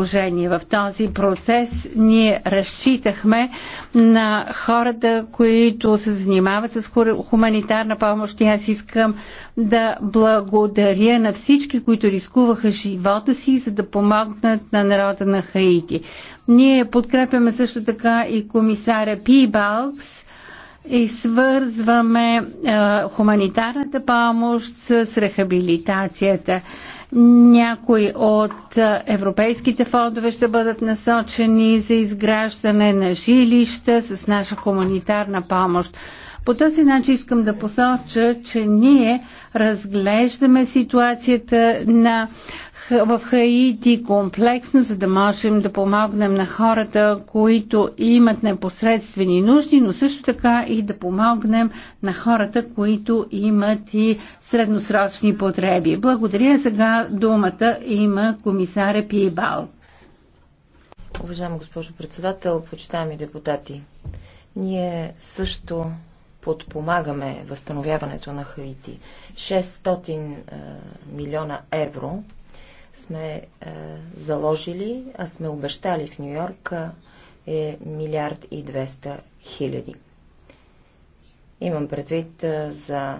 положение. В този процес ние разчитахме на хората, които се занимават с хуманитарна помощ и аз искам да благодаря на всички, които рискуваха живота си, за да помогнат на народа на Хаити. Ние подкрепяме също така и комисаря Пибалкс, и свързваме е, хуманитарната помощ с рехабилитацията. Някои от европейските фондове ще бъдат насочени за изграждане на жилища с наша хуманитарна помощ. По този начин искам да посоча, че ние разглеждаме ситуацията на в Хаити комплексно, за да можем да помогнем на хората, които имат непосредствени нужди, но също така и да помогнем на хората, които имат и средносрочни потреби. Благодаря. Сега думата има комисаря Пибал. Уважаема госпожо председател, почитаеми депутати, ние също подпомагаме възстановяването на Хаити. 600 е, милиона евро сме е, заложили, а сме обещали в Нью Йорк е, е милиард и 200 хиляди. Имам предвид е, за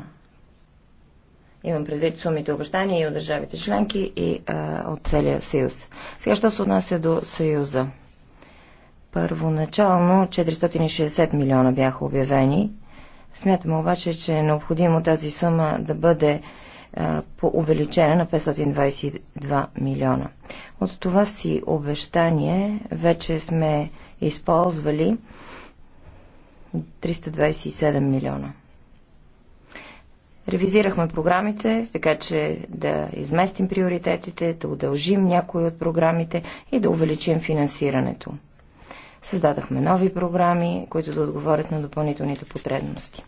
Имам предвид сумите обещания и от държавите членки и е, от целия съюз. Сега, що се отнася до съюза? Първоначално 460 милиона бяха обявени. Смятам обаче, че е необходимо тази сума да бъде по увеличение на 522 милиона. От това си обещание вече сме използвали 327 милиона. Ревизирахме програмите, така че да изместим приоритетите, да удължим някои от програмите и да увеличим финансирането. Създадахме нови програми, които да отговорят на допълнителните потребности.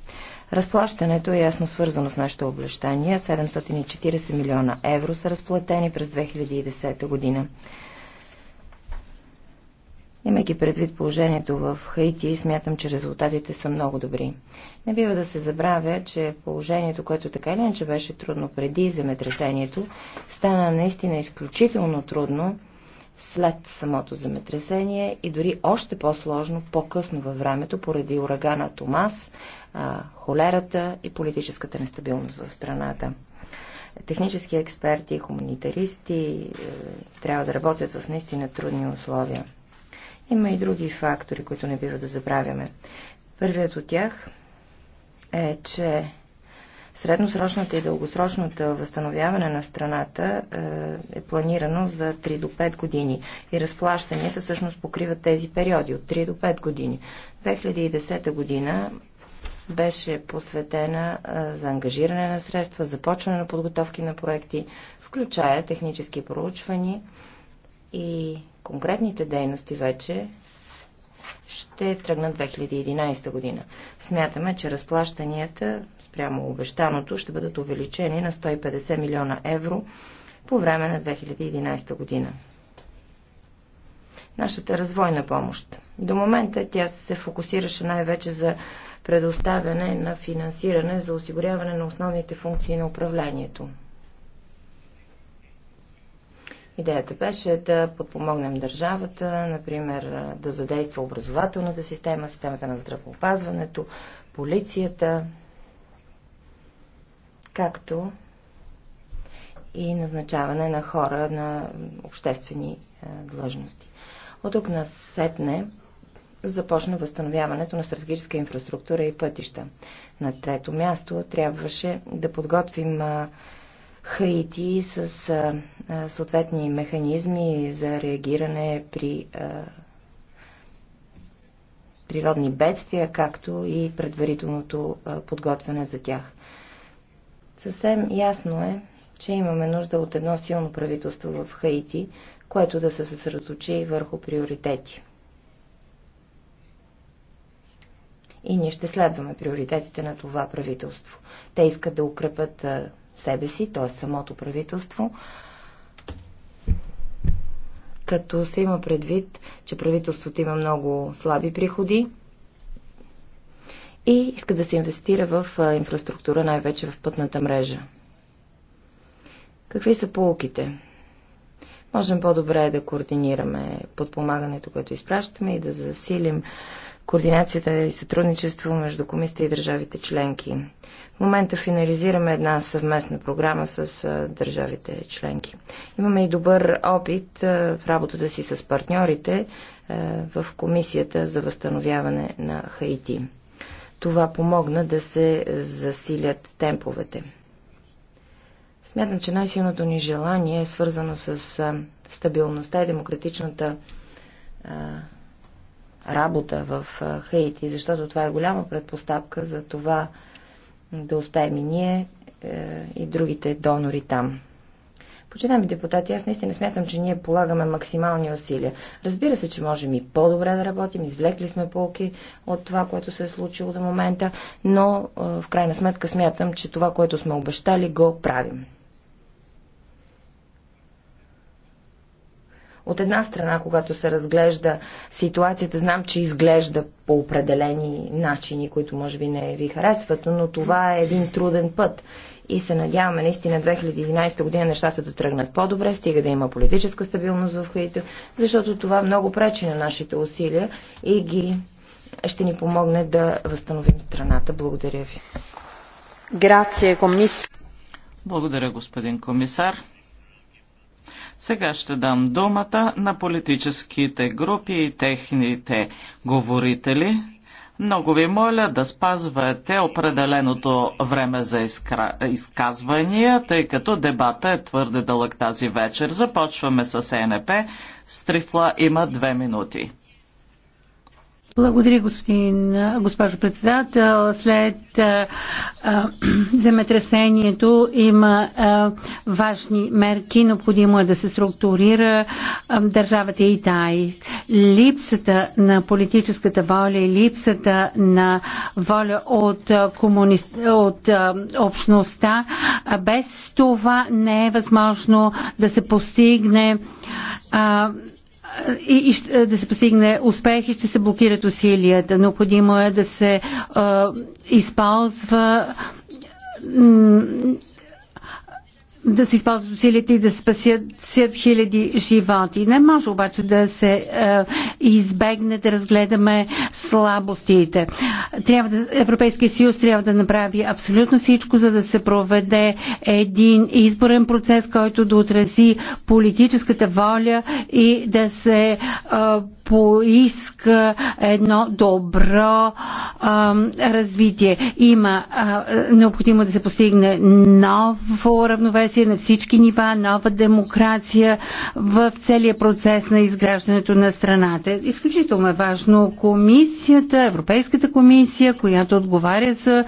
Разплащането е ясно свързано с нашите облещание. 740 милиона евро са разплатени през 2010 година. Имайки предвид положението в Хаити, смятам, че резултатите са много добри. Не бива да се забравя, че положението, което така или иначе беше трудно преди земетресението, стана наистина изключително трудно след самото земетресение и дори още по-сложно по-късно във времето поради урагана Томас, холерата и политическата нестабилност в страната. Технически експерти, хуманитаристи е, трябва да работят в наистина трудни условия. Има и други фактори, които не бива да забравяме. Първият от тях е, че Средносрочната и дългосрочната възстановяване на страната е, е планирано за 3 до 5 години и разплащанията всъщност покриват тези периоди от 3 до 5 години. 2010 година беше посветена е, за ангажиране на средства, започване на подготовки на проекти, включая технически проучвания и конкретните дейности вече ще тръгнат 2011 година. Смятаме, че разплащанията спрямо обещаното, ще бъдат увеличени на 150 милиона евро по време на 2011 година. Нашата развойна помощ. До момента тя се фокусираше най-вече за предоставяне на финансиране за осигуряване на основните функции на управлението. Идеята беше да подпомогнем държавата, например да задейства образователната система, системата на здравеопазването, полицията, както и назначаване на хора на обществени е, длъжности. От тук на сетне започна възстановяването на стратегическа инфраструктура и пътища. На трето място трябваше да подготвим е, Хаити с е, съответни механизми за реагиране при природни бедствия, както и предварителното подготвяне за тях. Съвсем ясно е, че имаме нужда от едно силно правителство в Хаити, което да се съсредоточи върху приоритети. И ние ще следваме приоритетите на това правителство. Те искат да укрепят себе си, т.е. самото правителство, като се има предвид, че правителството има много слаби приходи и иска да се инвестира в инфраструктура, най-вече в пътната мрежа. Какви са полуките? Можем по-добре да координираме подпомагането, което изпращаме и да засилим координацията и сътрудничество между комисията и държавите членки. В момента финализираме една съвместна програма с държавите членки. Имаме и добър опит в работата си с партньорите в Комисията за възстановяване на Хаити. Това помогна да се засилят темповете. Смятам, че най-силното ни желание е свързано с стабилността и демократичната работа в Хаити, защото това е голяма предпоставка за това да успеем и ние е, и другите донори там. Почитаме депутати, аз наистина смятам, че ние полагаме максимални усилия. Разбира се, че можем и по-добре да работим, извлекли сме полки от това, което се е случило до момента, но в крайна сметка смятам, че това, което сме обещали, го правим. От една страна, когато се разглежда ситуацията, знам, че изглежда по определени начини, които може би не ви харесват, но това е един труден път и се надяваме наистина 2011 година нещата да тръгнат по-добре, стига да има политическа стабилност в Хаити, защото това много пречи на нашите усилия и ги ще ни помогне да възстановим страната. Благодаря ви. Грация, комис... Благодаря, господин комисар. Сега ще дам думата на политическите групи и техните говорители. Много ви моля да спазвате определеното време за изкра... изказвания, тъй като дебата е твърде дълъг тази вечер. Започваме с ЕНП. Стрифла има две минути. Благодаря, господин, госпожо председател. След а, а, земетресението има а, важни мерки. Необходимо е да се структурира а, държавата тай. Липсата на политическата воля и липсата на воля от, комуни... от а, общността, а без това не е възможно да се постигне а, и, и да се постигне успех и ще се блокират усилията. Необходимо е да се а, използва да се използват усилията и да спасят хиляди животи. Не може обаче да се е, избегне да разгледаме слабостите. Трябва да, Европейския съюз трябва да направи абсолютно всичко, за да се проведе един изборен процес, който да отрази политическата воля и да се е, поиска едно добро а, развитие. Има а, необходимо да се постигне ново равновесие на всички нива, нова демокрация в целия процес на изграждането на страната. Изключително е важно комисията, Европейската комисия, която отговаря за,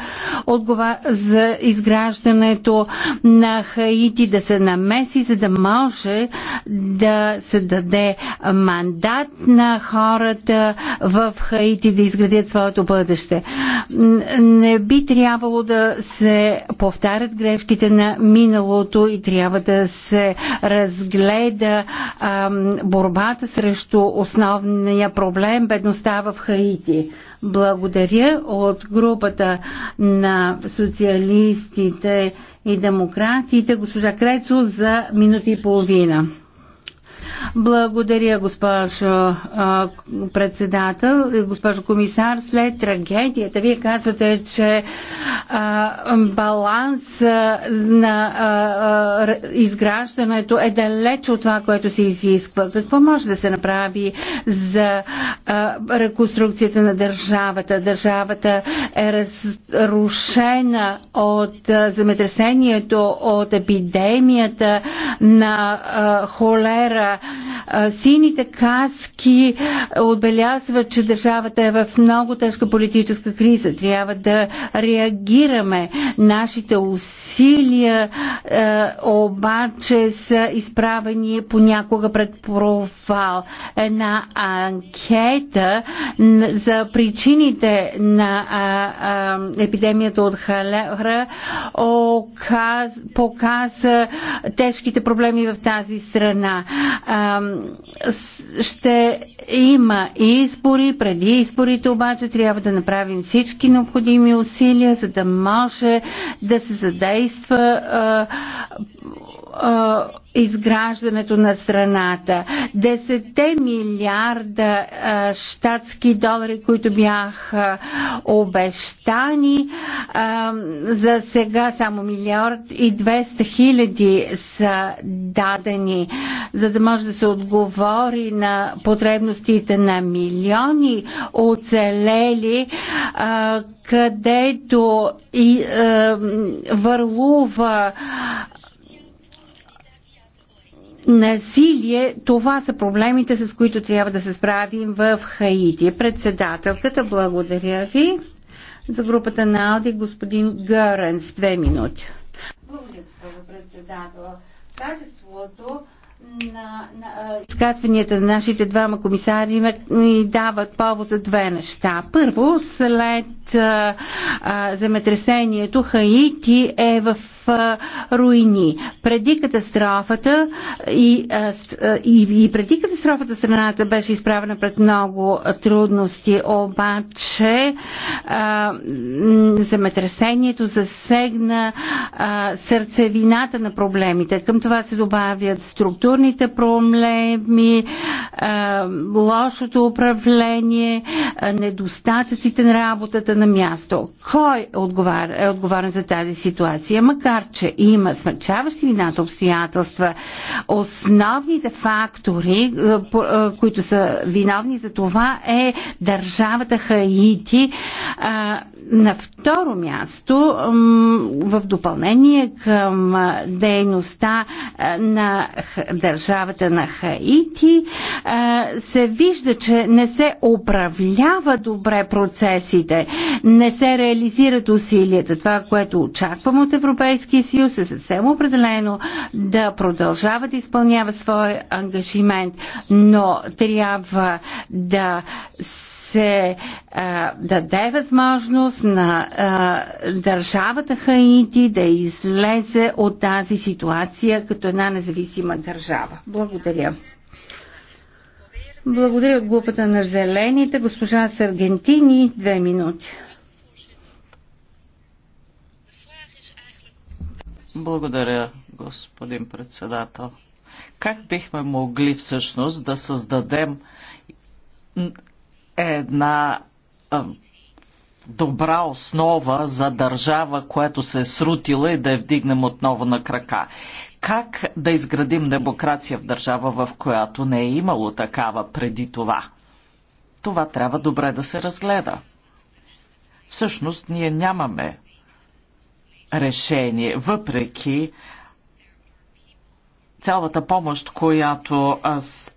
отгова, за изграждането на Хаити, да се намеси, за да може да се даде мандат на на хората в Хаити да изградят своето бъдеще. Не би трябвало да се повтарят грешките на миналото и трябва да се разгледа ам, борбата срещу основния проблем бедността в Хаити. Благодаря от групата на социалистите и демократите, госпожа Крецо, за минути и половина. Благодаря, госпожо председател, госпожо комисар. След трагедията, вие казвате, че баланс на изграждането е далеч от това, което се изисква. Какво може да се направи за реконструкцията на държавата? Държавата е разрушена от земетресението, от епидемията на холера Сините каски отбелязват, че държавата е в много тежка политическа криза. Трябва да реагираме. Нашите усилия обаче са изправени понякога пред провал. Една анкета за причините на а, а, епидемията от халера показа тежките проблеми в тази страна. Ще има избори, преди изборите обаче трябва да направим всички необходими усилия, за да може да се задейства а, изграждането на страната. Десете милиарда а, штатски долари, които бяха обещани, а, за сега само милиард и 200 хиляди са дадени, за да може да се отговори на потребностите на милиони оцелели, а, където и а, върлува насилие, това са проблемите, с които трябва да се справим в Хаити. Председателката, благодаря ви. За групата на Алди, господин с две минути. Благодаря, госпожо председател. Качеството на, на изказванията на нашите двама комисари ни дават повод за две неща. Първо, след а, а, земетресението Хаити е в руини. Преди катастрофата и, и, и преди катастрофата страната беше изправена пред много трудности, обаче земетресението засегна а, сърцевината на проблемите. Към това се добавят структурните проблеми, а, лошото управление, а, недостатъците на работата на място. Кой е отговарен за тази ситуация? Макар макар че има смърчаващи вината обстоятелства, основните фактори, е, е, които са виновни за това е държавата Хаити. Е, на второ място, в допълнение към дейността на държавата на Хаити, се вижда, че не се управлява добре процесите, не се реализират усилията. Това, което очаквам от Европейския Европейския съюз е съвсем определено да продължава да изпълнява своя ангажимент, но трябва да се а, даде възможност на а, държавата Хаити да излезе от тази ситуация като една независима държава. Благодаря. Благодаря от глупата на зелените. Госпожа Саргентини, две минути. Благодаря, господин председател. Как бихме могли всъщност да създадем една добра основа за държава, която се е срутила и да я вдигнем отново на крака. Как да изградим демокрация в държава, в която не е имало такава преди това? Това трябва добре да се разгледа. Всъщност, ние нямаме решение, въпреки цялата помощ, която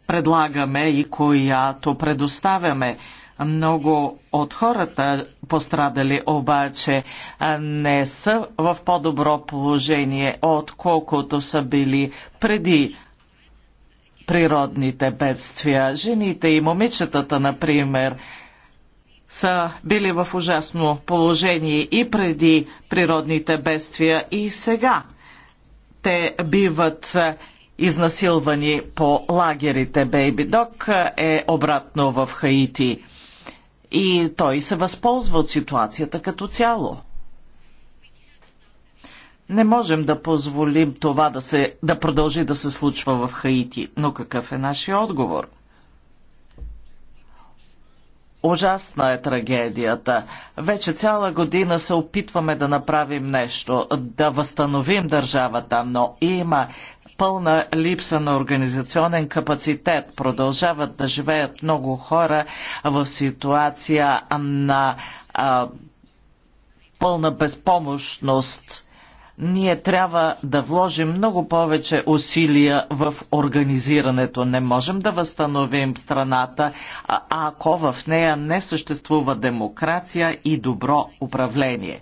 предлагаме и която предоставяме. Много от хората пострадали обаче не са в по-добро положение, отколкото са били преди природните бедствия. Жените и момичетата, например, са били в ужасно положение и преди природните бедствия и сега. Те биват изнасилвани по лагерите. Бейби Док е обратно в Хаити и той се възползва от ситуацията като цяло. Не можем да позволим това да, се, да продължи да се случва в Хаити, но какъв е нашия отговор? Ужасна е трагедията. Вече цяла година се опитваме да направим нещо, да възстановим държавата, но има пълна липса на организационен капацитет. Продължават да живеят много хора в ситуация на а, пълна безпомощност ние трябва да вложим много повече усилия в организирането. Не можем да възстановим страната, ако в нея не съществува демокрация и добро управление.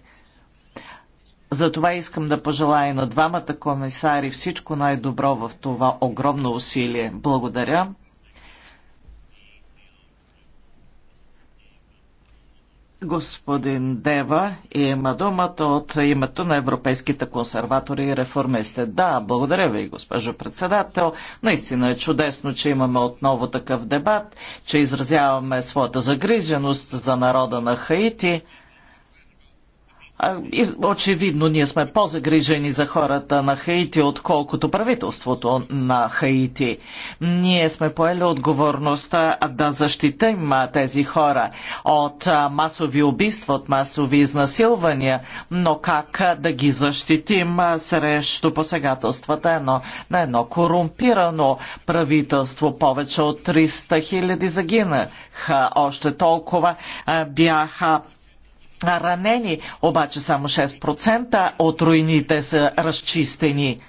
Затова искам да пожелая на двамата комисари всичко най-добро в това огромно усилие. Благодаря. Господин Дева има думата от името на европейските консерватори и реформисти. Да, благодаря ви, госпожо председател. Наистина е чудесно, че имаме отново такъв дебат, че изразяваме своята загриженост за народа на Хаити. Очевидно, ние сме по-загрижени за хората на Хаити, отколкото правителството на Хаити. Ние сме поели отговорността да защитим тези хора от масови убийства, от масови изнасилвания, но как да ги защитим срещу посегателствата Едно на едно корумпирано правителство. Повече от 300 хиляди загинаха, още толкова бяха ранени, обаче само 6% от руините са разчистени.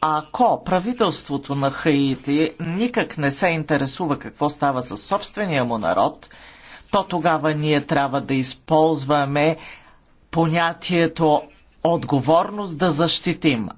Ако правителството на Хаити никак не се интересува какво става със собствения му народ, то тогава ние трябва да използваме понятието отговорност да защитим,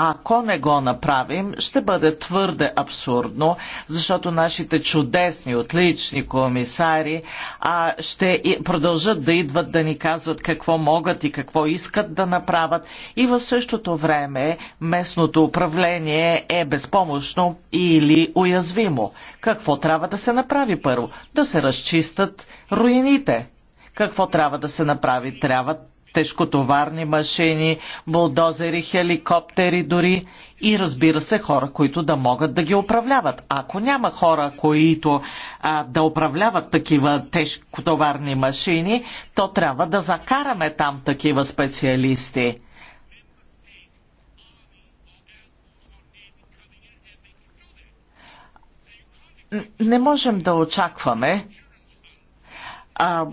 а ако не го направим, ще бъде твърде абсурдно, защото нашите чудесни, отлични комисари а, ще продължат да идват да ни казват какво могат и какво искат да направят. И в същото време местното управление е безпомощно или уязвимо. Какво трябва да се направи първо? Да се разчистят руините. Какво трябва да се направи? Трябва тежкотоварни машини, булдозери, хеликоптери дори и разбира се хора, които да могат да ги управляват. Ако няма хора, които а, да управляват такива тежкотоварни машини, то трябва да закараме там такива специалисти. Не можем да очакваме а,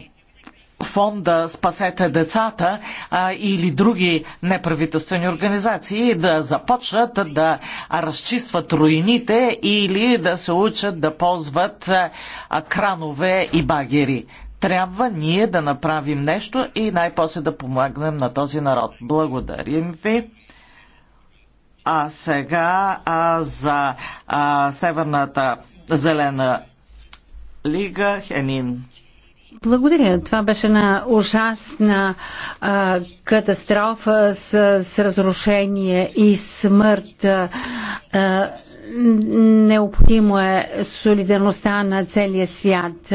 фонда Спасете децата а, или други неправителствени организации да започнат да разчистват руините или да се учат да ползват а, кранове и багери. Трябва ние да направим нещо и най-после да помогнем на този народ. Благодарим ви. А сега а, за а, Северната зелена лига Хенин. Благодаря. Това беше една ужасна а, катастрофа с, с разрушение и смърт. А, необходимо е солидарността на целия свят.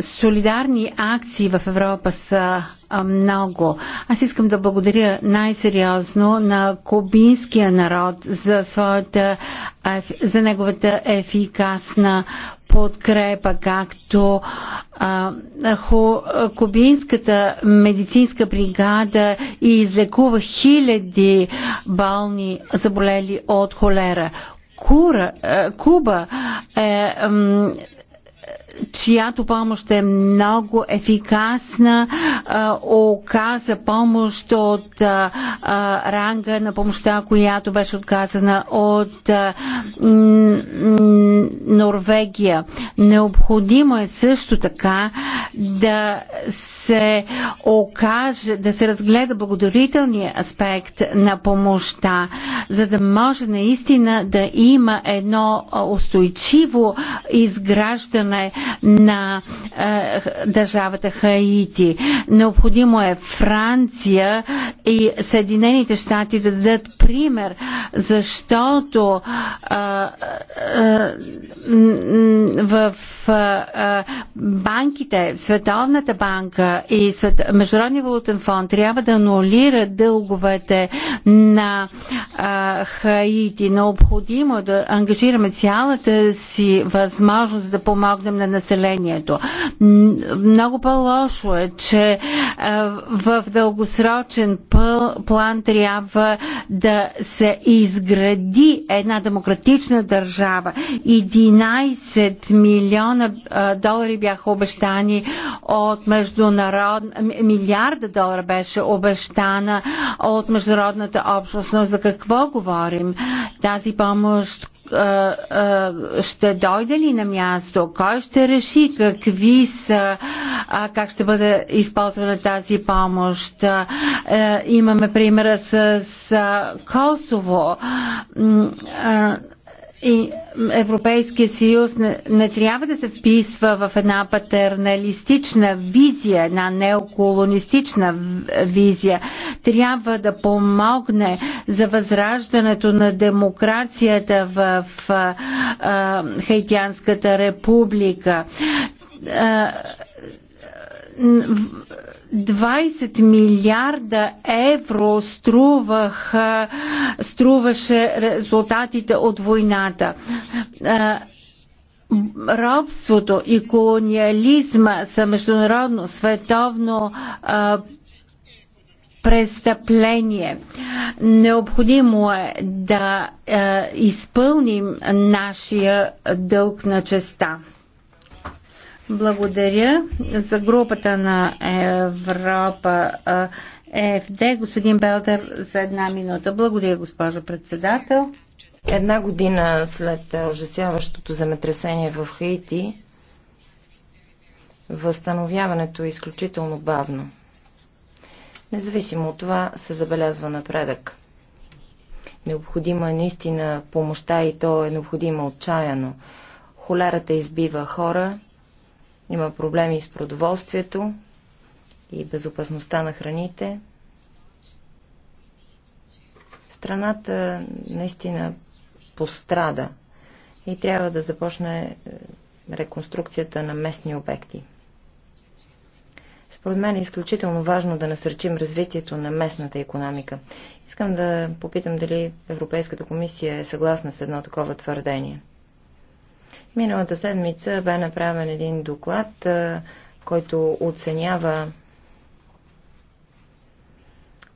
Солидарни акции в Европа са много. Аз искам да благодаря най-сериозно на кубинския народ за, своята, за неговата ефикасна подкрепа, както а, кубинската медицинска бригада и излекува хиляди бални заболели от холера. Кура, а, е, Куба е чиято помощ е много ефикасна, оказа помощ от ранга на помощта, която беше отказана от Норвегия. Необходимо е също така да се окаже, да се разгледа благодарителния аспект на помощта, за да може наистина да има едно устойчиво изграждане на е, държавата Хаити. Необходимо е Франция и Съединените щати да дадат пример, защото е, е, в е, е, банките, Световната банка и Свет... Международния валутен фонд трябва да анулират дълговете на е, Хаити. Необходимо е да ангажираме цялата си възможност да помогнем на населението. Много по-лошо е, че е, в дългосрочен план трябва да се изгради една демократична държава. 11 милиона е, долари бяха обещани от международ... милиарда долара беше обещана от международната общност. Но за какво говорим? Тази помощ, ще дойде ли на място, кой ще реши какви са, как ще бъде използвана тази помощ. Е, имаме примера с Косово и Европейския съюз не, не трябва да се вписва в една патерналистична визия, една неоколонистична визия. Трябва да помогне за възраждането на демокрацията в а, а, Хайтянската република. А, 20 милиарда евро струваха, струваше резултатите от войната робството и колониализма са международно, световно престъпление. Необходимо е да изпълним нашия дълг на честа. Благодаря за групата на Европа ЕФД. Господин Белдер за една минута. Благодаря, госпожо председател. Една година след ужасяващото земетресение в Хаити, възстановяването е изключително бавно. Независимо от това се забелязва напредък. Необходима е наистина помощта и то е необходимо отчаяно. Холерата избива хора, има проблеми с продоволствието и безопасността на храните. Страната наистина пострада и трябва да започне е, реконструкцията на местни обекти. Според мен е изключително важно да насърчим развитието на местната економика. Искам да попитам дали Европейската комисия е съгласна с едно такова твърдение. Миналата седмица бе направен един доклад, който оценява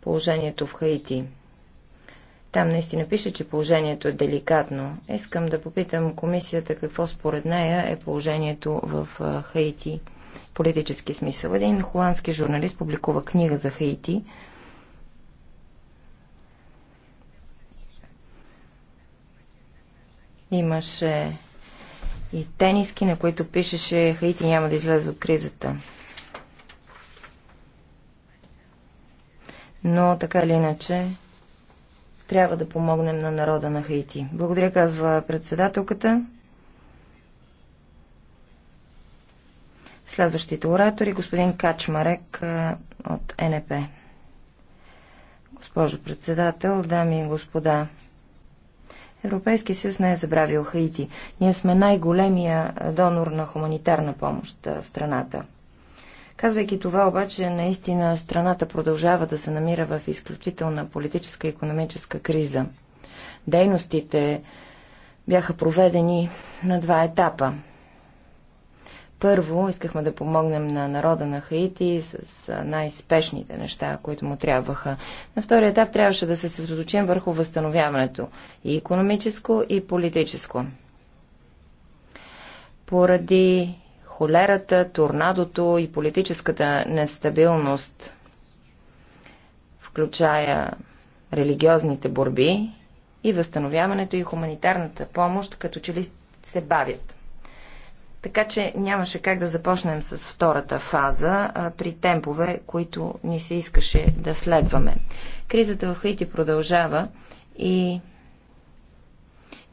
положението в Хаити. Там наистина пише, че положението е деликатно. Искам да попитам комисията какво според нея е положението в Хаити. Политически смисъл. Един холандски журналист публикува книга за Хаити. Имаше и тениски, на които пишеше Хаити няма да излезе от кризата. Но така или иначе, трябва да помогнем на народа на Хаити. Благодаря, казва председателката. Следващите оратори, господин Качмарек от НП. Госпожо председател, дами и господа, Европейския съюз не е забравил Хаити. Ние сме най-големия донор на хуманитарна помощ в страната. Казвайки това обаче, наистина страната продължава да се намира в изключителна политическа и економическа криза. Дейностите бяха проведени на два етапа. Първо, искахме да помогнем на народа на Хаити с най-спешните неща, които му трябваха. На втория етап трябваше да се съсредоточим върху възстановяването и економическо, и политическо. Поради холерата, торнадото и политическата нестабилност, включая религиозните борби и възстановяването и хуманитарната помощ, като че ли се бавят. Така че нямаше как да започнем с втората фаза а, при темпове, които ни се искаше да следваме. Кризата в Хаити продължава и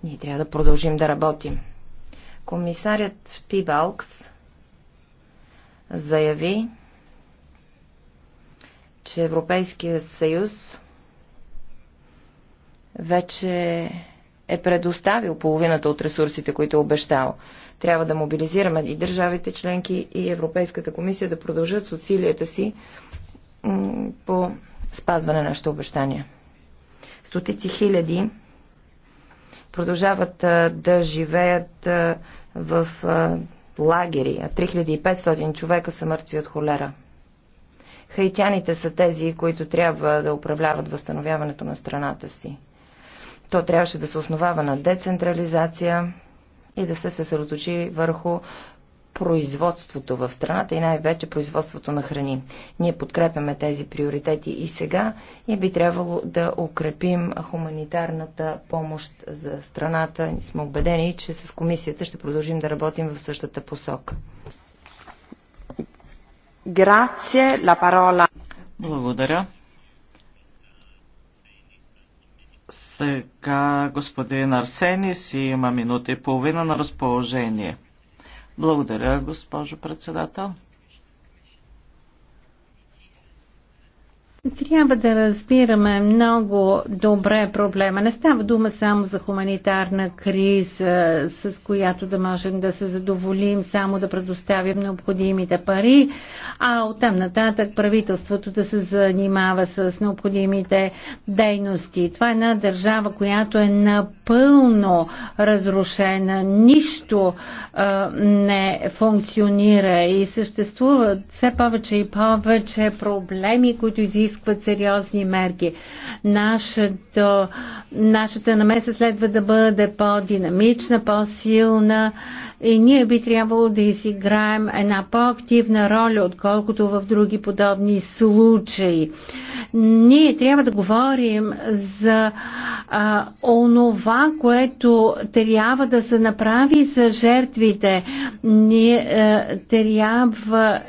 ние трябва да продължим да работим. Комисарят Пибалкс заяви, че Европейския съюз вече е предоставил половината от ресурсите, които е обещал. Трябва да мобилизираме и държавите членки, и Европейската комисия да продължат с усилията си по спазване на нашите обещания. Стотици хиляди продължават да живеят в лагери, а 3500 човека са мъртви от холера. Хаитяните са тези, които трябва да управляват възстановяването на страната си. То трябваше да се основава на децентрализация, и да се съсредоточи върху производството в страната и най-вече производството на храни. Ние подкрепяме тези приоритети и сега и би трябвало да укрепим хуманитарната помощ за страната. Ни сме убедени, че с комисията ще продължим да работим в същата посока. Благодаря. Сега господин Арсенис има минута и половина на разположение. Благодаря, госпожо председател. Трябва да разбираме много добре проблема. Не става дума само за хуманитарна криза, с която да можем да се задоволим, само да предоставим необходимите пари, а оттам нататък правителството да се занимава с необходимите дейности. Това е една държава, която е напълно разрушена. Нищо а, не функционира и съществуват все повече и повече проблеми, които изискват изискват сериозни мерки. Нашето, нашата намеса следва да бъде по-динамична, по-силна и ние би трябвало да изиграем една по-активна роля, отколкото в други подобни случаи. Ние трябва да говорим за а, онова, което трябва да се направи за жертвите. Ние а, е, трябва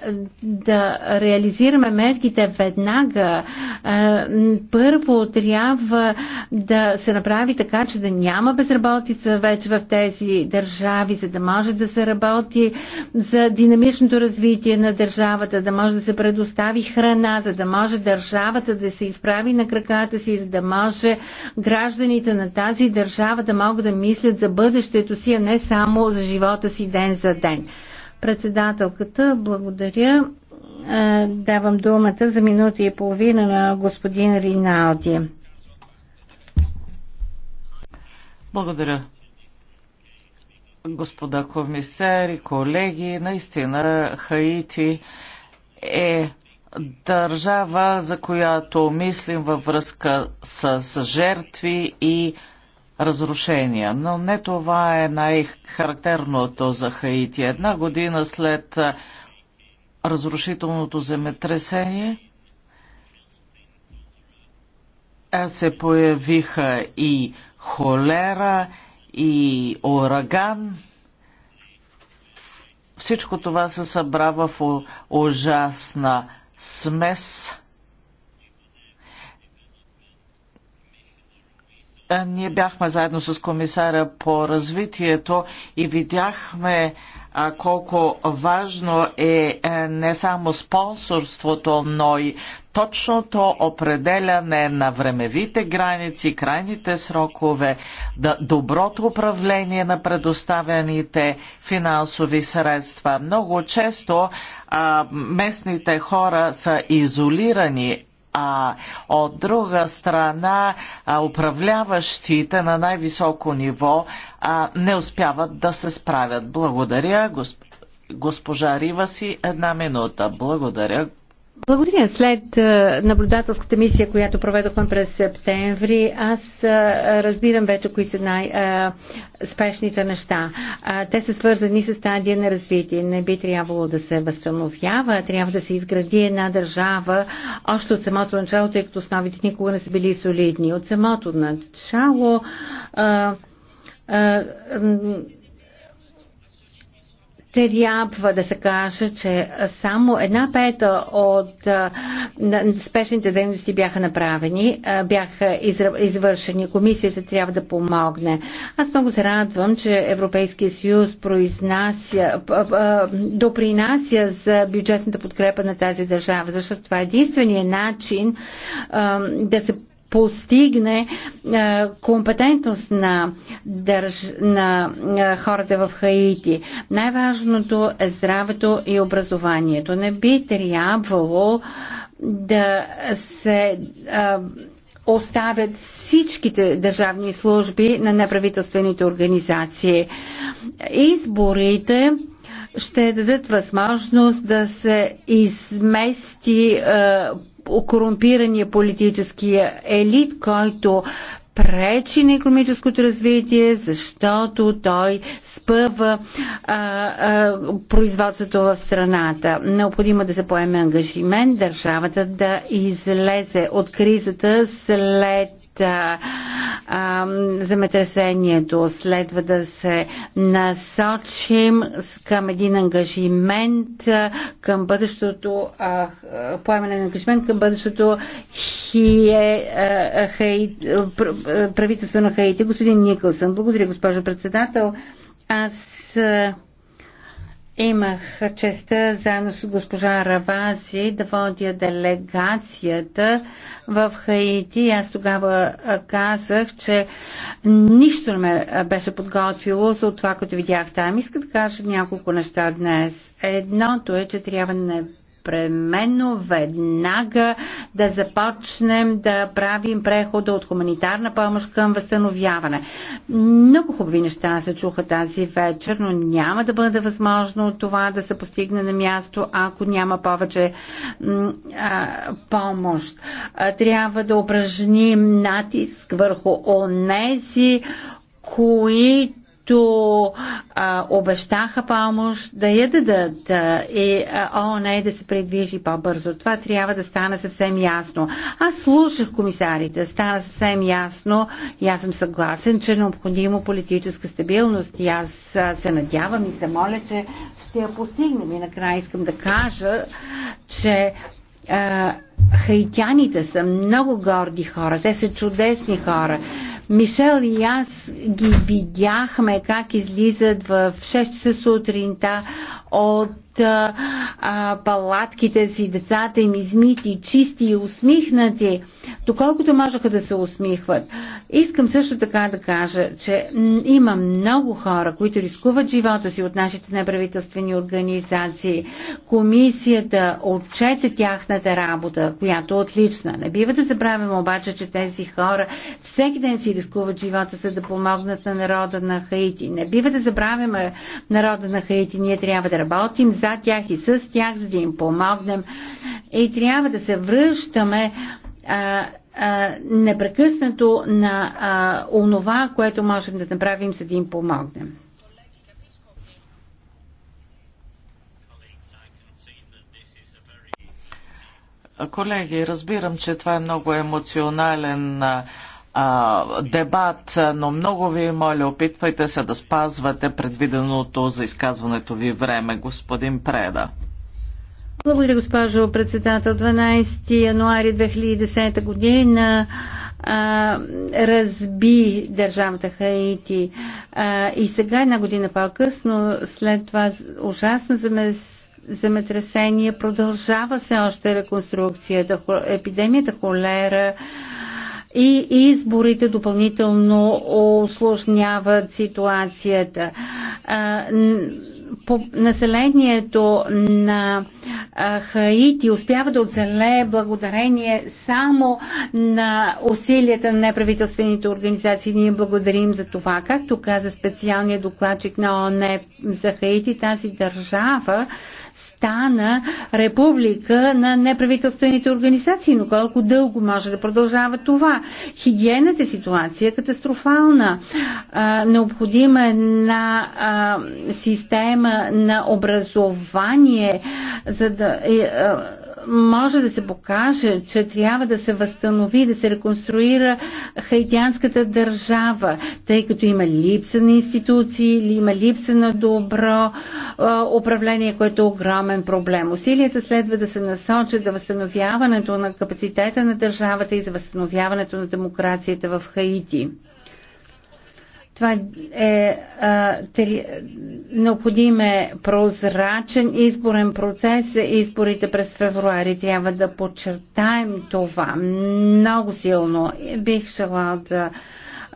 да реализираме мерките веднага. А, е, първо трябва да се направи така, че да няма безработица вече в тези държави, за да може може да се работи за динамичното развитие на държавата, да може да се предостави храна, за да може държавата да се изправи на краката си, за да може гражданите на тази държава да могат да мислят за бъдещето си, а не само за живота си ден за ден. Председателката, благодаря. Давам думата за минута и половина на господин Риналди. Благодаря, господа комисари, колеги, наистина Хаити е държава, за която мислим във връзка с жертви и разрушения. Но не това е най-характерното за Хаити. Една година след разрушителното земетресение се появиха и холера, и ураган. Всичко това се събра в ужасна смес. Е, ние бяхме заедно с комисаря по развитието и видяхме колко важно е, е не само спонсорството, но и точното определяне на времевите граници, крайните срокове, да, доброто управление на предоставяните финансови средства. Много често а, местните хора са изолирани а от друга страна управляващите на най-високо ниво не успяват да се справят. Благодаря, госпожа Рива си една минута. Благодаря, благодаря. След наблюдателската мисия, която проведохме през септември, аз разбирам вече кои са най-спешните неща. Те са свързани с стадия на развитие. Не би трябвало да се възстановява, трябва да се изгради една държава още от самото начало, тъй като основите никога не са били солидни. От самото начало трябва да се каже, че само една пета от спешните дейности бяха направени, бяха извършени. Комисията трябва да помогне. Аз много се радвам, че Европейския съюз произнася, допринася за бюджетната подкрепа на тази държава, защото това е единствения начин да се постигне е, компетентност на, държ... на е, хората в Хаити. Най-важното е здравето и образованието. Не би трябвало да се а, е, оставят всичките държавни служби на неправителствените организации. Изборите ще дадат възможност да се измести е, корумпирания политически елит, който пречи на економическото развитие, защото той спъва а, а, производството в страната. Необходимо е да се поеме ангажимент държавата да излезе от кризата след земетресението. Следва да се насочим към един ангажимент към бъдещото а, поемане на ангажимент към бъдещото хие, а, хай, правителство на Хаити. Господин Никълсън, благодаря, госпожо председател. Аз Имах честа заедно с госпожа Равази да водя делегацията в Хаити. Аз тогава казах, че нищо не ме беше подготвило за това, което видях там. Иска да кажа няколко неща днес. Едното е, че трябва не непременно веднага да започнем да правим прехода от хуманитарна помощ към възстановяване. Много хубави неща се чуха тази вечер, но няма да бъде възможно това да се постигне на място, ако няма повече а, помощ. А, трябва да упражним натиск върху онези, които които а, обещаха помощ да я дадат а, и о, не, да се придвижи по-бързо. Това трябва да стане съвсем ясно. Аз слушах комисарите, стана съвсем ясно и аз съм съгласен, че е необходимо политическа стабилност и аз а, се надявам и се моля, че ще я постигнем. И накрая искам да кажа, че а, хайтяните са много горди хора, те са чудесни хора. Мишел и аз ги видяхме как излизат в 6 часа сутринта от а, палатките си, децата им измити, чисти и усмихнати, доколкото можеха да се усмихват. Искам също така да кажа, че има много хора, които рискуват живота си от нашите неправителствени организации. Комисията отчете тяхната работа, която е отлична. Не бива да забравим обаче, че тези хора всеки ден си рискуват живота, за да помогнат на народа на Хаити. Не бива да забравяме народа на Хаити. Ние трябва да работим за за тях и с тях, за да им помогнем. И трябва да се връщаме а, а, непрекъснато на а, онова, което можем да направим, за да им помогнем. Колеги, разбирам, че това е много емоционален дебат, но много ви моля, опитвайте се да спазвате предвиденото за изказването ви време, господин Преда. Благодаря, госпожо председател. 12 януари 2010 година а, разби държавата Хаити. А, и сега, една година по-късно, след това ужасно замес земетресение, продължава все още реконструкцията, епидемията холера, и изборите допълнително осложняват ситуацията. По населението на Хаити успява да оцелее благодарение само на усилията на неправителствените организации. Ние благодарим за това. Както каза специалният докладчик на ОНЕ за Хаити, тази държава стана република на неправителствените организации, но колко дълго може да продължава това? Хигиената ситуация е катастрофална. Необходима е на система на образование, за да може да се покаже, че трябва да се възстанови, да се реконструира хаитянската държава, тъй като има липса на институции или има липса на добро управление, което е огромен проблем. Усилията следва да се насочат за възстановяването на капацитета на държавата и за възстановяването на демокрацията в Хаити. Това е а, три, необходим е прозрачен изборен процес. Изборите през февруари трябва да подчертаем това много силно. Бих желал да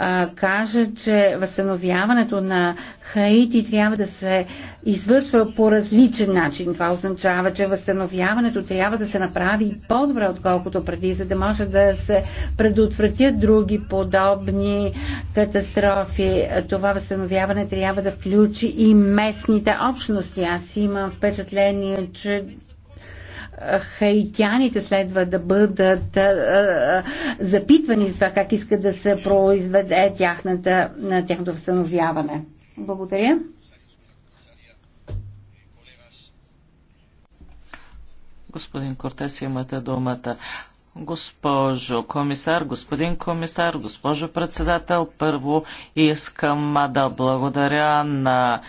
а, кажа, че възстановяването на Хаити трябва да се извършва по различен начин. Това означава, че възстановяването трябва да се направи по-добре, отколкото преди, за да може да се предотвратят други подобни катастрофи. Това възстановяване трябва да включи и местните общности. Аз имам впечатление, че хаитяните следва да бъдат запитвани за това как искат да се произведе тяхната, тяхното възстановяване. Благодаря. Господин Кортес, имате думата. Госпожо комисар, господин комисар, госпожо председател, първо искам да благодаря на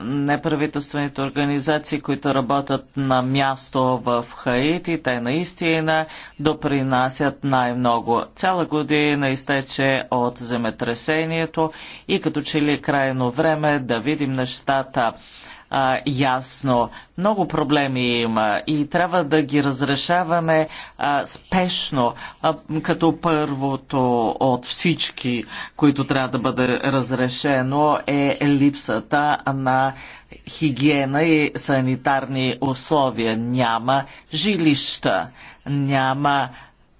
неправителствените организации, които работят на място в Хаити, те наистина допринасят най-много. Цяла година изтече от земетресението и като че ли е крайно време да видим нещата а, ясно. Много проблеми има и трябва да ги разрешаваме а, спешно, а, като първото от всички, които трябва да бъде разрешено, е липсата на хигиена и санитарни условия. Няма жилища, няма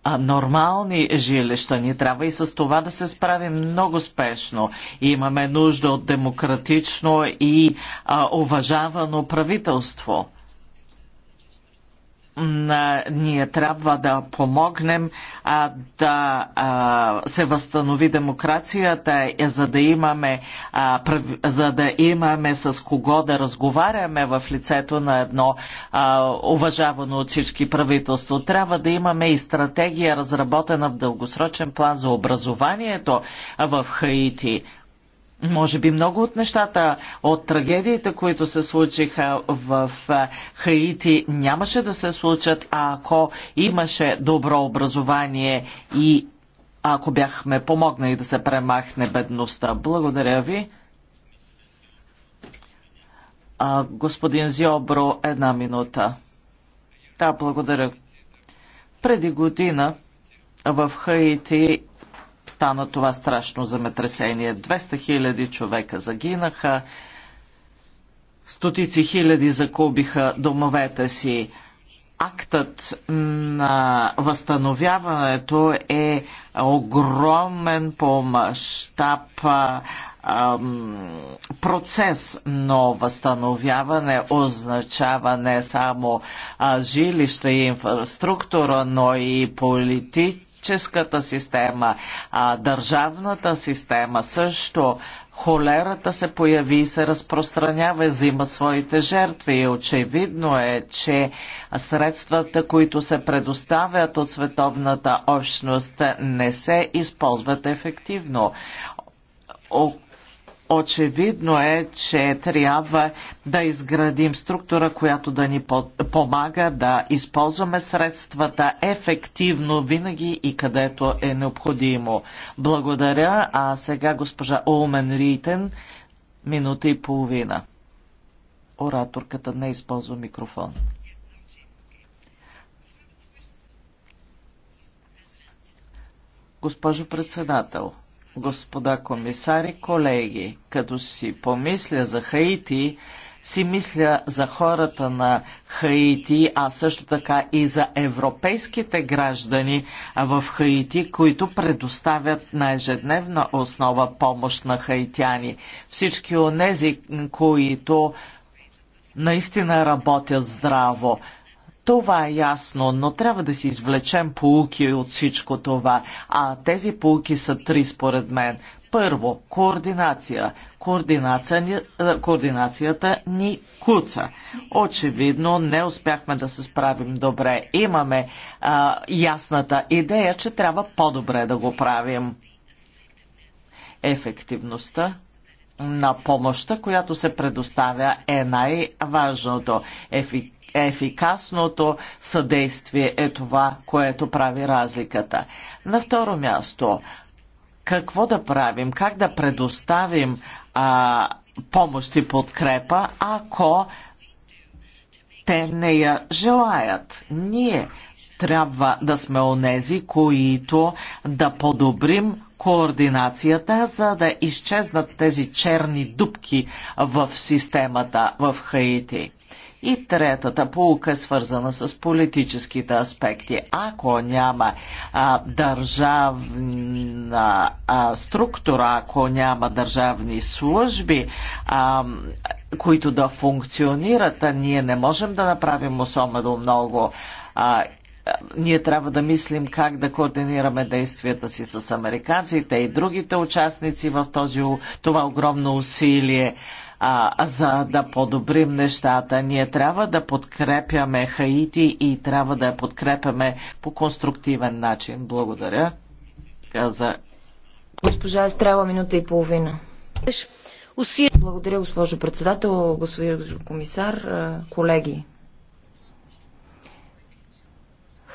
а, нормални жилища. Ние трябва и с това да се справим много спешно. И имаме нужда от демократично и а, уважавано правителство ние трябва да помогнем а, да а, се възстанови демокрацията, е, за да, имаме, а, прав... за да имаме с кого да разговаряме в лицето на едно а, уважавано от всички правителство. Трябва да имаме и стратегия, разработена в дългосрочен план за образованието в Хаити може би много от нещата, от трагедиите, които се случиха в Хаити, нямаше да се случат, а ако имаше добро образование и ако бяхме помогнали да се премахне бедността. Благодаря ви. А, господин Зиобро, една минута. Да, благодаря. Преди година в Хаити стана това страшно земетресение. 200 хиляди човека загинаха, стотици хиляди закубиха домовете си. Актът на възстановяването е огромен по мащаб процес, но възстановяване означава не само жилища и инфраструктура, но и политика политическата система, а, държавната система също. Холерата се появи и се разпространява, взима своите жертви. И Очевидно е, че средствата, които се предоставят от световната общност, не се използват ефективно Очевидно е, че трябва да изградим структура, която да ни помага да използваме средствата ефективно винаги и където е необходимо. Благодаря. А сега госпожа Олмен Ритен, минута и половина. Ораторката не използва микрофон. Госпожо председател, господа комисари, колеги, като си помисля за Хаити, си мисля за хората на Хаити, а също така и за европейските граждани в Хаити, които предоставят на ежедневна основа помощ на хаитяни. Всички онези, които наистина работят здраво. Това е ясно, но трябва да си извлечем полуки от всичко това. А тези полуки са три според мен. Първо, координация. Координация, е, координацията ни куца. Очевидно, не успяхме да се справим добре. Имаме а, ясната идея, че трябва по-добре да го правим. Ефективността на помощта, която се предоставя е най-важното. ефикасното съдействие е това, което прави разликата. На второ място, какво да правим, как да предоставим а, помощ и подкрепа, ако те не я желаят. Ние трябва да сме онези, които да подобрим координацията, за да изчезнат тези черни дубки в системата в Хаити. И третата полука, е свързана с политическите аспекти. Ако няма а, държавна а, структура, ако няма държавни служби, а, които да функционират, а ние не можем да направим особено много. А, ние трябва да мислим как да координираме действията си с американците и другите участници в този, това огромно усилие а, за да подобрим нещата. Ние трябва да подкрепяме Хаити и трябва да я подкрепяме по конструктивен начин. Благодаря. Каза. Госпожа Естрела, минута и половина. Благодаря, госпожо председател, господин комисар, колеги.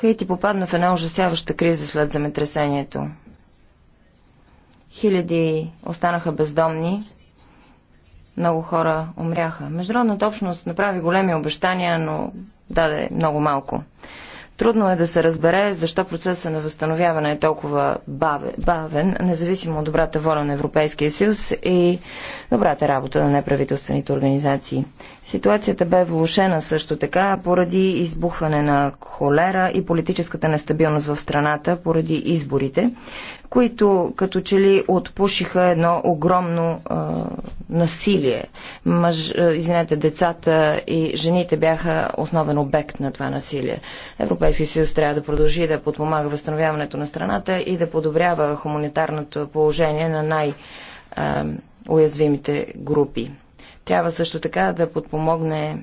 Хаити попадна в една ужасяваща криза след земетресението. Хиляди останаха бездомни, много хора умряха. Международната общност направи големи обещания, но даде много малко. Трудно е да се разбере защо процесът на възстановяване е толкова бавен, независимо от добрата воля на Европейския съюз и добрата работа на неправителствените организации. Ситуацията бе влушена също така поради избухване на холера и политическата нестабилност в страната, поради изборите, които като че ли отпушиха едно огромно а, насилие. Мъж, а, извинете, децата и жените бяха основен обект на това насилие. Европейски съюз трябва да продължи да подпомага възстановяването на страната и да подобрява хуманитарното положение на най- уязвимите групи. Трябва също така да подпомогне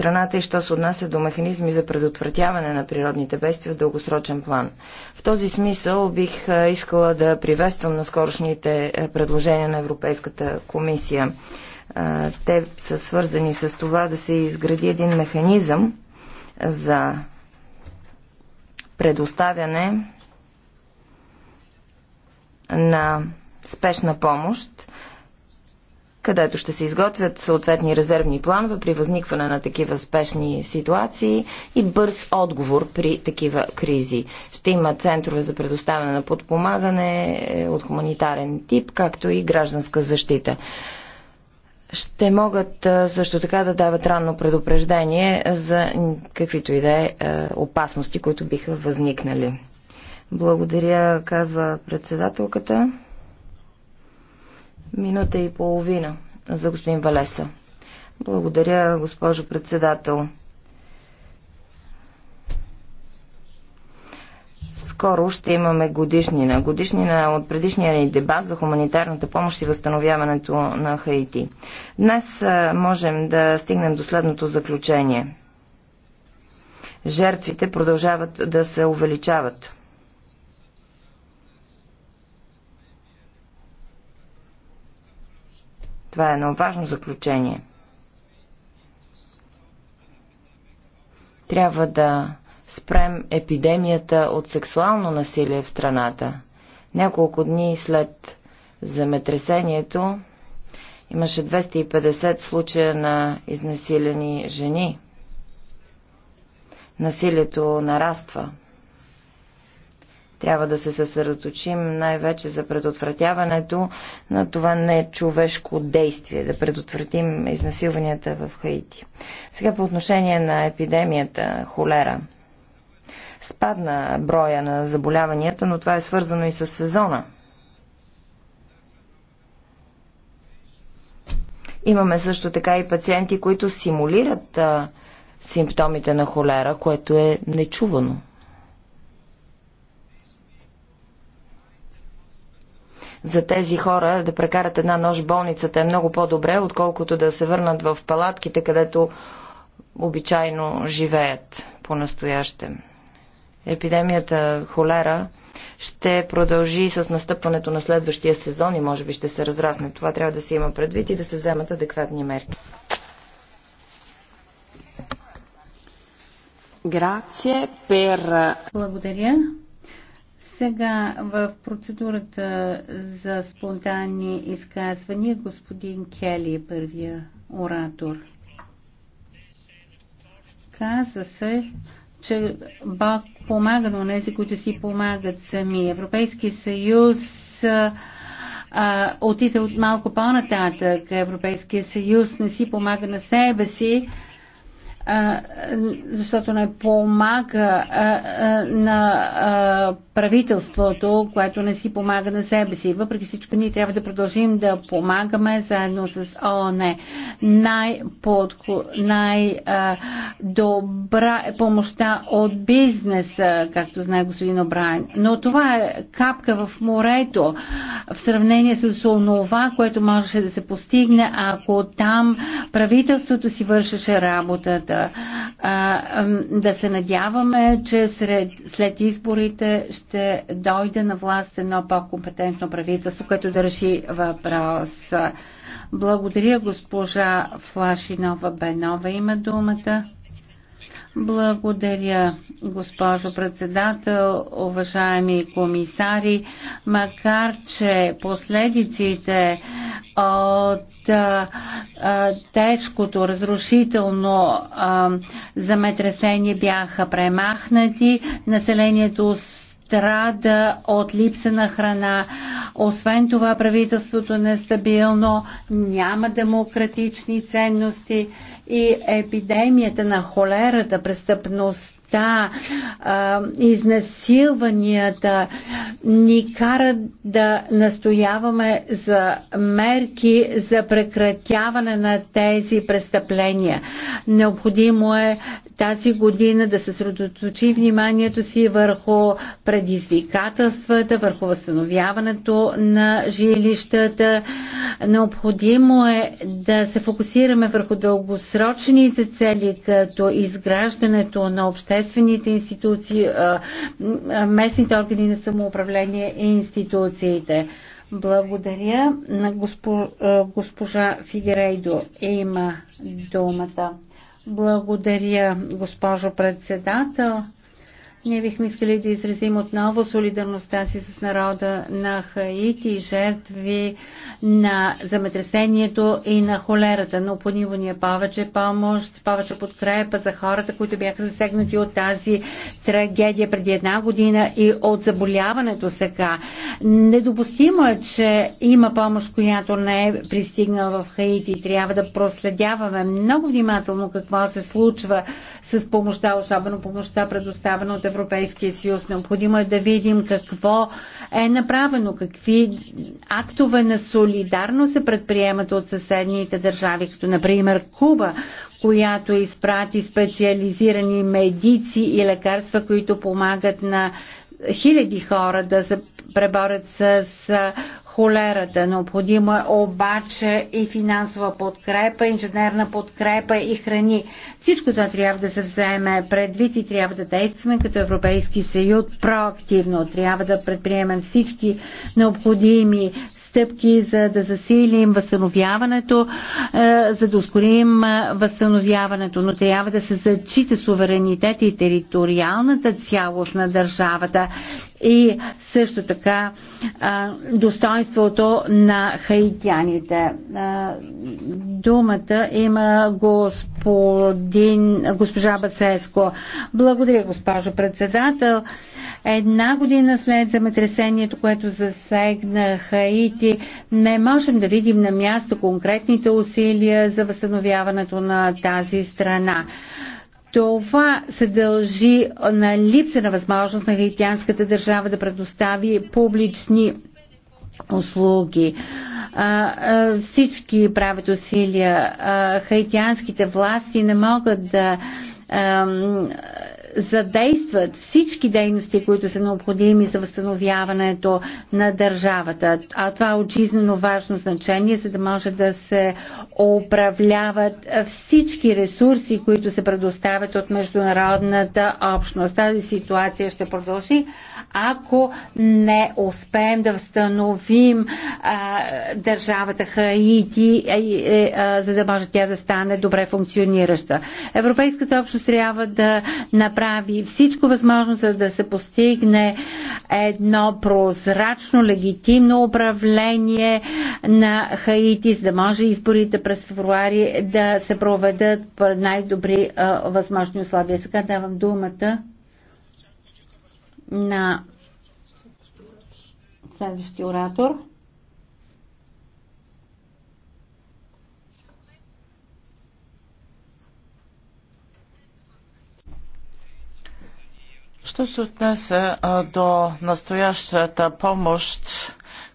страната и що се отнася до механизми за предотвратяване на природните бедствия в дългосрочен план. В този смисъл бих искала да приветствам на скорошните предложения на Европейската комисия. Те са свързани с това да се изгради един механизъм за предоставяне на спешна помощ където ще се изготвят съответни резервни планове при възникване на такива спешни ситуации и бърз отговор при такива кризи. Ще има центрове за предоставяне на подпомагане е, от хуманитарен тип, както и гражданска защита. Ще могат е, също така да дават ранно предупреждение за каквито и да е, е опасности, които биха възникнали. Благодаря, казва председателката. Минута и половина за господин Валеса. Благодаря, госпожо председател. скоро ще имаме годишнина. Годишнина от предишния ни дебат за хуманитарната помощ и възстановяването на Хаити. Днес можем да стигнем до следното заключение. Жертвите продължават да се увеличават. Това е едно важно заключение. Трябва да спрем епидемията от сексуално насилие в страната. Няколко дни след земетресението имаше 250 случая на изнасилени жени. Насилието нараства. Трябва да се съсредоточим най-вече за предотвратяването на това нечовешко действие, да предотвратим изнасилванията в Хаити. Сега по отношение на епидемията холера. Спадна броя на заболяванията, но това е свързано и с сезона. Имаме също така и пациенти, които симулират а, симптомите на холера, което е нечувано. за тези хора да прекарат една нощ в болницата е много по-добре, отколкото да се върнат в палатките, където обичайно живеят по-настоящем. Епидемията холера ще продължи с настъпването на следващия сезон и може би ще се разрасне. Това трябва да се има предвид и да се вземат адекватни мерки. Благодаря. Сега в процедурата за спонтанни изказвания господин Кели е първия оратор. Каза се, че Бог помага на тези, които си помагат сами. Европейския съюз отиде от малко по-нататък. Европейския съюз не си помага на себе си, защото не помага на правителството, което не си помага на себе си. Въпреки всичко, ние трябва да продължим да помагаме заедно с ООН. Най-добра най е помощта от бизнеса, както знае господин Обрайн. Но това е капка в морето в сравнение с онова, което можеше да се постигне, ако там правителството си вършеше работата да се надяваме, че сред, след изборите ще дойде на власт едно по-компетентно правителство, което да реши въпрос. Благодаря госпожа Флашинова Бенова има думата. Благодаря, госпожо председател, уважаеми комисари. Макар, че последиците от тежкото разрушително а, земетресение бяха премахнати, населението с страда от липса на храна. Освен това, правителството е нестабилно, няма демократични ценности и епидемията на холерата, престъпност а, изнасилванията ни карат да настояваме за мерки за прекратяване на тези престъпления. Необходимо е тази година да се средоточи вниманието си върху предизвикателствата, върху възстановяването на жилищата. Необходимо е да се фокусираме върху дългосрочните цели, като изграждането на обществено обществените институции, местните органи на самоуправление и институциите. Благодаря на госпожа Фигерейдо. Има думата. Благодаря, госпожо председател. Ние бихме искали да изразим отново солидарността си с народа на Хаити, жертви на земетресението и на холерата. Но по ни е повече помощ, повече подкрепа за хората, които бяха засегнати от тази трагедия преди една година и от заболяването сега. Недопустимо е, че има помощ, която не е пристигнала в Хаити. Трябва да проследяваме много внимателно какво се случва с помощта, особено помощта предоставена от Европейския съюз. Необходимо е да видим какво е направено, какви актове на солидарност се предприемат от съседните държави, като например Куба, която изпрати специализирани медици и лекарства, които помагат на хиляди хора да се преборят с холерата. Необходимо е обаче и финансова подкрепа, инженерна подкрепа и храни. Всичко това трябва да се вземе предвид и трябва да действаме като Европейски съюз проактивно. Трябва да предприемем всички необходими стъпки, за да засилим възстановяването, е, за да ускорим е, възстановяването, но трябва да се зачита суверенитет и териториалната цялост на държавата и също така е, достоинството на хаитяните. думата има господин, госпожа Басеско. Благодаря, госпожо председател. Една година след земетресението, което засегна Хаити, не можем да видим на място конкретните усилия за възстановяването на тази страна. Това се дължи на липса на възможност на хаитянската държава да предостави публични услуги. А, а, всички правят усилия. А, хаитянските власти не могат да задействат всички дейности, които са необходими за възстановяването на държавата. А това е от жизнено важно значение, за да може да се управляват всички ресурси, които се предоставят от международната общност. Тази ситуация ще продължи, ако не успеем да възстановим а, държавата Хаити, а, е, а, за да може тя да стане добре функционираща. Европейската общност трябва да направи всичко възможно, за да се постигне едно прозрачно, легитимно управление на Хаити, за да може изборите през февруари да се проведат по най-добри възможни условия. Сега давам думата на следващия оратор. Що се отнесе до настоящата помощ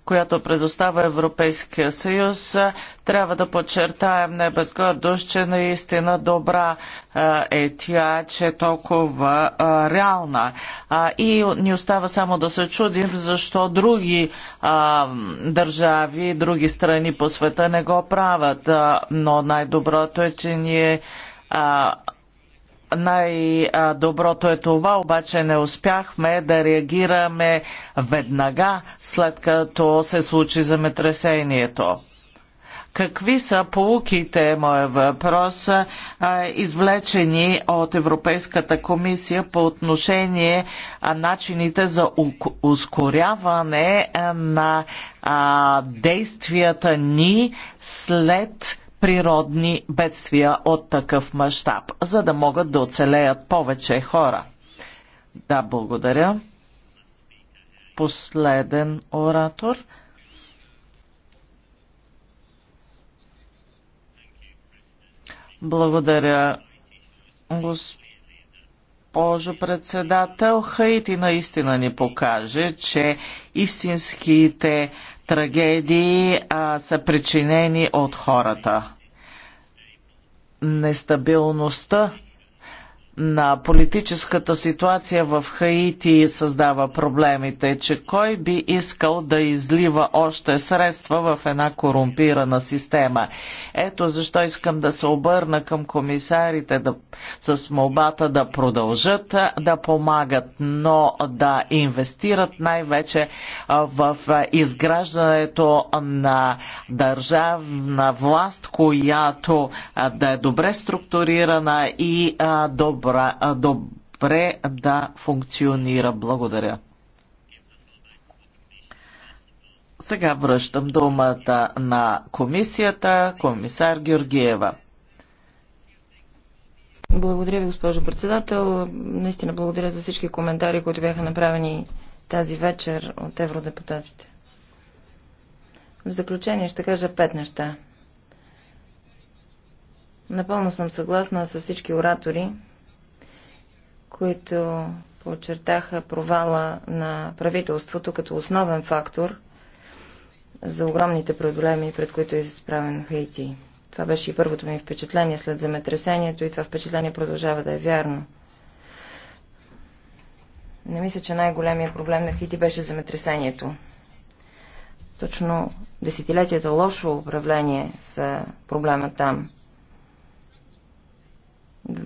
която предоставя Европейския съюз, трябва да подчертаем не без гордост, че наистина добра е тя, че е толкова реална. И ни остава само да се чудим защо други държави, други страни по света не го правят. Но най-доброто е, че ние най-доброто е това, обаче не успяхме да реагираме веднага след като се случи земетресението. Какви са полуките, моя въпрос, извлечени от Европейската комисия по отношение начините за ускоряване на действията ни след природни бедствия от такъв мащаб, за да могат да оцелеят повече хора. Да, благодаря. Последен оратор. Благодаря, госпожо председател. Хаити наистина ни покаже, че истинските трагедии а, са причинени от хората нестабилността на политическата ситуация в Хаити създава проблемите, че кой би искал да излива още средства в една корумпирана система. Ето защо искам да се обърна към комисарите да, с молбата да продължат да помагат, но да инвестират най-вече в изграждането на държавна власт, която да е добре структурирана и добре добра, добре да функционира. Благодаря. Сега връщам думата на комисията, комисар Георгиева. Благодаря ви, госпожо председател. Наистина благодаря за всички коментари, които бяха направени тази вечер от евродепутатите. В заключение ще кажа пет неща. Напълно съм съгласна с всички оратори, които подчертаха провала на правителството като основен фактор за огромните проблеми, пред които е изправен Хаити. Това беше и първото ми впечатление след земетресението и това впечатление продължава да е вярно. Не мисля, че най-големия проблем на Хити беше земетресението. Точно десетилетията лошо управление са проблема там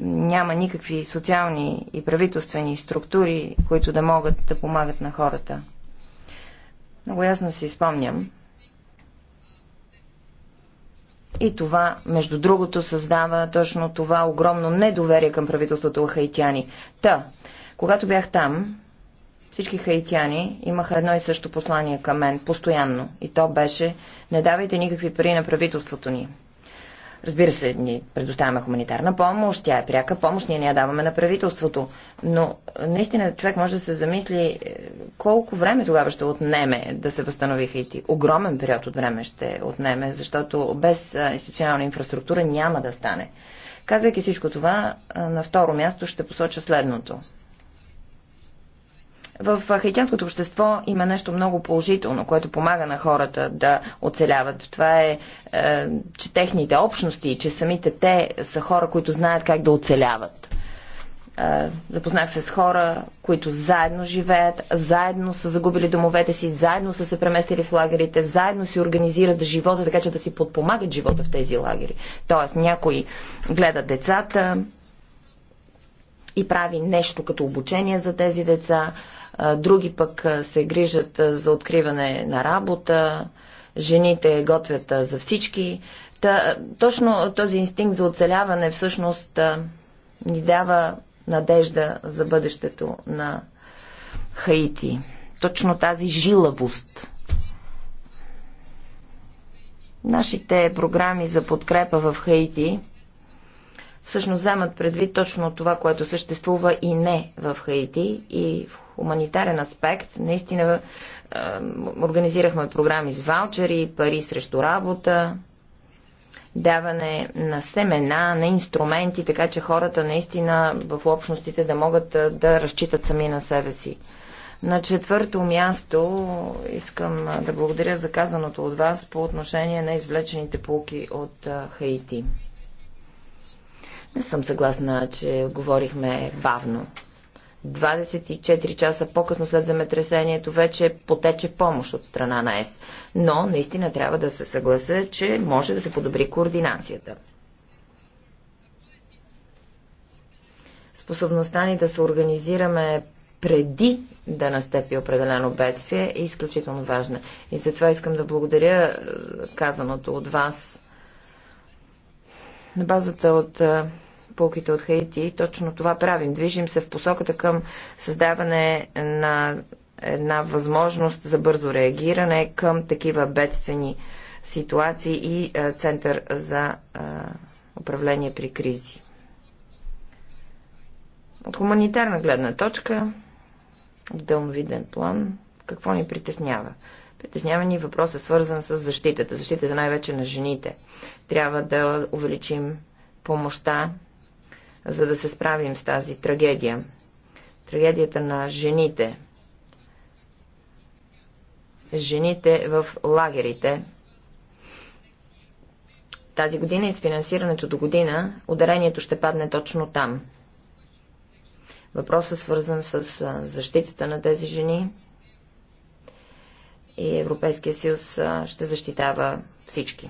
няма никакви социални и правителствени структури, които да могат да помагат на хората. Много ясно си спомням. И това, между другото, създава точно това огромно недоверие към правителството хаитяни. Та, когато бях там, всички хаитяни имаха едно и също послание към мен, постоянно. И то беше, не давайте никакви пари на правителството ни. Разбира се, ни предоставяме хуманитарна помощ, тя е пряка помощ, ние не я даваме на правителството. Но е, наистина човек може да се замисли е, колко време тогава ще отнеме да се възстанови Хаити. Огромен период от време ще отнеме, защото без е, институционална инфраструктура няма да стане. Казвайки всичко това, на второ място ще посоча следното. В хаитянското общество има нещо много положително, което помага на хората да оцеляват. Това е, е, че техните общности, че самите те са хора, които знаят как да оцеляват. Е, запознах се с хора, които заедно живеят, заедно са загубили домовете си, заедно са се преместили в лагерите, заедно си организират живота, така че да си подпомагат живота в тези лагери. Тоест, някой гледа децата и прави нещо като обучение за тези деца, други пък се грижат за откриване на работа, жените готвят за всички. Та, точно този инстинкт за оцеляване всъщност ни дава надежда за бъдещето на Хаити. Точно тази жилавост. Нашите програми за подкрепа в Хаити всъщност вземат предвид точно това, което съществува и не в Хаити и в хуманитарен аспект. Наистина е, организирахме програми с ваучери, пари срещу работа, даване на семена, на инструменти, така че хората наистина в общностите да могат е, да разчитат сами на себе си. На четвърто място искам е, да благодаря за казаното от вас по отношение на извлечените полки от е, Хаити. Не съм съгласна, че говорихме бавно. 24 часа по-късно след земетресението вече потече помощ от страна на ЕС. Но наистина трябва да се съглася, че може да се подобри координацията. Способността ни да се организираме преди да настъпи определено бедствие е изключително важна. И затова искам да благодаря е, казаното от вас на базата от е, полките от Хаити, точно това правим. Движим се в посоката към създаване на една възможност за бързо реагиране към такива бедствени ситуации и е, Център за е, управление при кризи. От хуманитарна гледна точка, в дълновиден план, какво ни притеснява? Притеснява ни въпроса, свързан с защитата. Защитата най-вече на жените. Трябва да увеличим помощта за да се справим с тази трагедия. Трагедията на жените. Жените в лагерите. Тази година и с финансирането до година ударението ще падне точно там. Въпросът е свързан с защитата на тези жени и Европейския съюз ще защитава всички.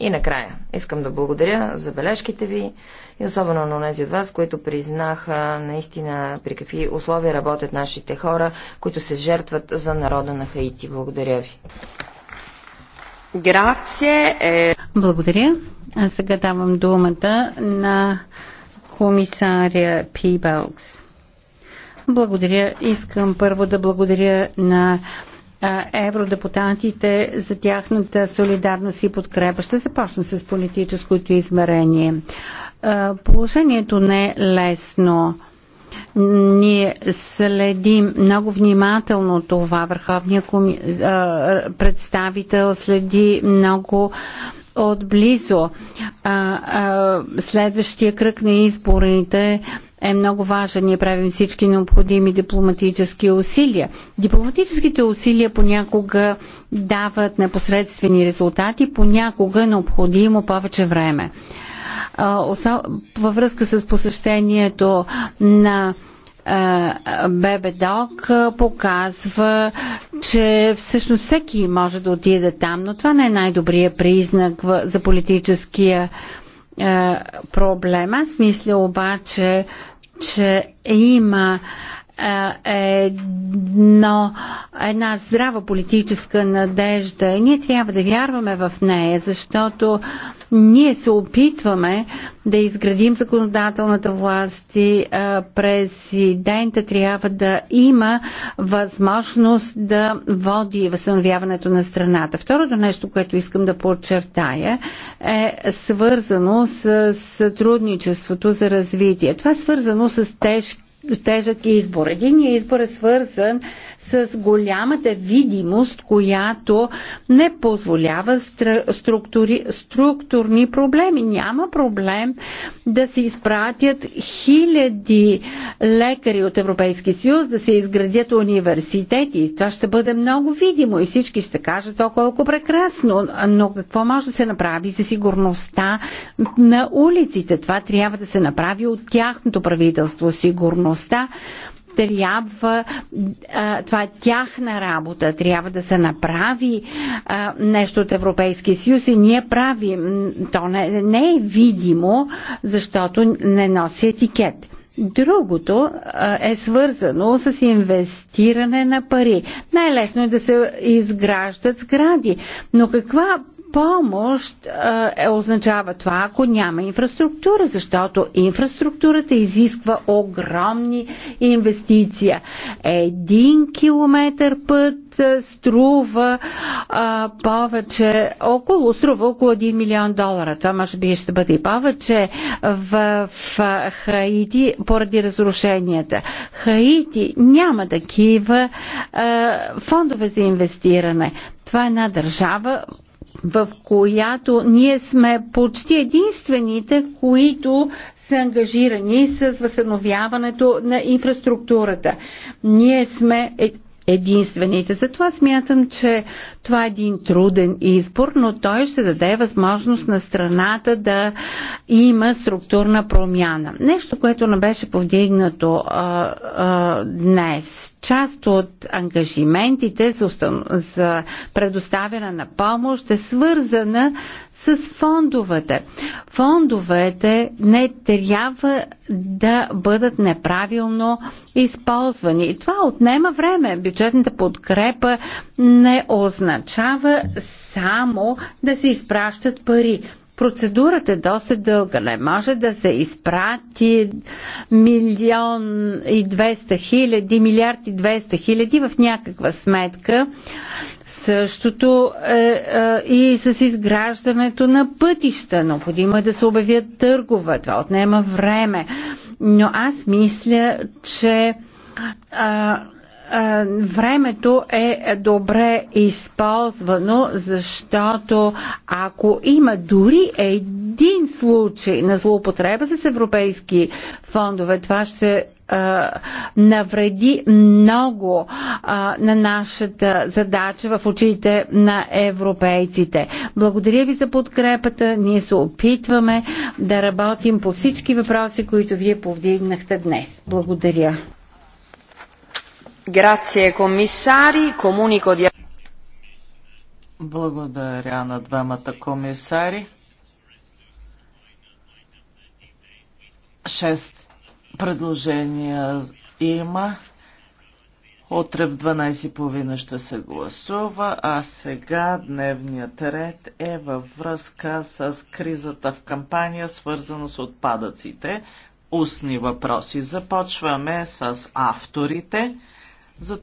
И накрая, искам да благодаря за бележките ви и особено на тези от вас, които признаха наистина при какви условия работят нашите хора, които се жертват за народа на Хаити. Благодаря ви. Е- благодаря. А сега давам думата на комисаря Пибалкс. Благодаря. Искам първо да благодаря на евродепутатите за тяхната солидарност и подкрепа. Ще започна с политическото измерение. Положението не е лесно. Ние следим много внимателно това. Върховният коми... представител следи много отблизо. следващия кръг на изборите е много важен. Ние правим всички необходими дипломатически усилия. Дипломатическите усилия понякога дават непосредствени резултати, понякога е необходимо повече време. Във връзка с посещението на Бебедок показва, че всъщност всеки може да отиде там, но това не е най-добрият признак за политическия е, проблем. Аз мисля обаче, че има е, едно, една здрава политическа надежда. И ние трябва да вярваме в нея, защото ние се опитваме да изградим законодателната власт и е, президента трябва да има възможност да води възстановяването на страната. Второто нещо, което искам да подчертая е свързано с сътрудничеството за развитие. Това е свързано с тежки тежък избор. Единият избор е свързан с голямата видимост, която не позволява структури, структурни проблеми. Няма проблем да се изпратят хиляди лекари от Европейския съюз, да се изградят университети. Това ще бъде много видимо и всички ще кажат, о колко прекрасно, но какво може да се направи за сигурността на улиците? Това трябва да се направи от тяхното правителство. Сигурността трябва, а, това е тяхна работа, трябва да се направи а, нещо от Европейския съюз и ние правим. То не, не е видимо, защото не носи етикет. Другото е свързано с инвестиране на пари. Най-лесно е да се изграждат сгради, но каква помощ е, е, означава това, ако няма инфраструктура, защото инфраструктурата изисква огромни инвестиции. Един километр път е, струва а, е, повече, около, струва около 1 милион долара. Това може би ще бъде и повече в, в Хаити поради разрушенията. Хаити няма такива а, фондове за инвестиране. Това е една държава, в която ние сме почти единствените, които са ангажирани с възстановяването на инфраструктурата. Ние сме е- единствените. Затова смятам, че това е един труден избор, но той ще даде възможност на страната да има структурна промяна. Нещо, което не беше повдигнато а, а, днес. Част от ангажиментите за, за предоставяне на помощ е свързана с фондовете. Фондовете не трябва да бъдат неправилно използвани. И това отнема време. Бюджетната подкрепа не означава означава само да се изпращат пари. Процедурата е доста дълга. Не може да се изпрати милион и 200 хиляди, милиард и 200 хиляди в някаква сметка. Същото е, е, и с изграждането на пътища. Необходимо е да се обявят търгове. Това отнема време. Но аз мисля, че е, времето е добре използвано, защото ако има дори един случай на злоупотреба с европейски фондове, това ще е, навреди много а, е, на нашата задача в очите на европейците. Благодаря ви за подкрепата. Ние се опитваме да работим по всички въпроси, които вие повдигнахте днес. Благодаря комисари. Комунико Благодаря на двамата комисари. Шест предложения има. Утре в 12.30 ще се гласува, а сега дневният ред е във връзка с кризата в кампания, свързана с отпадъците. Устни въпроси. Започваме с авторите.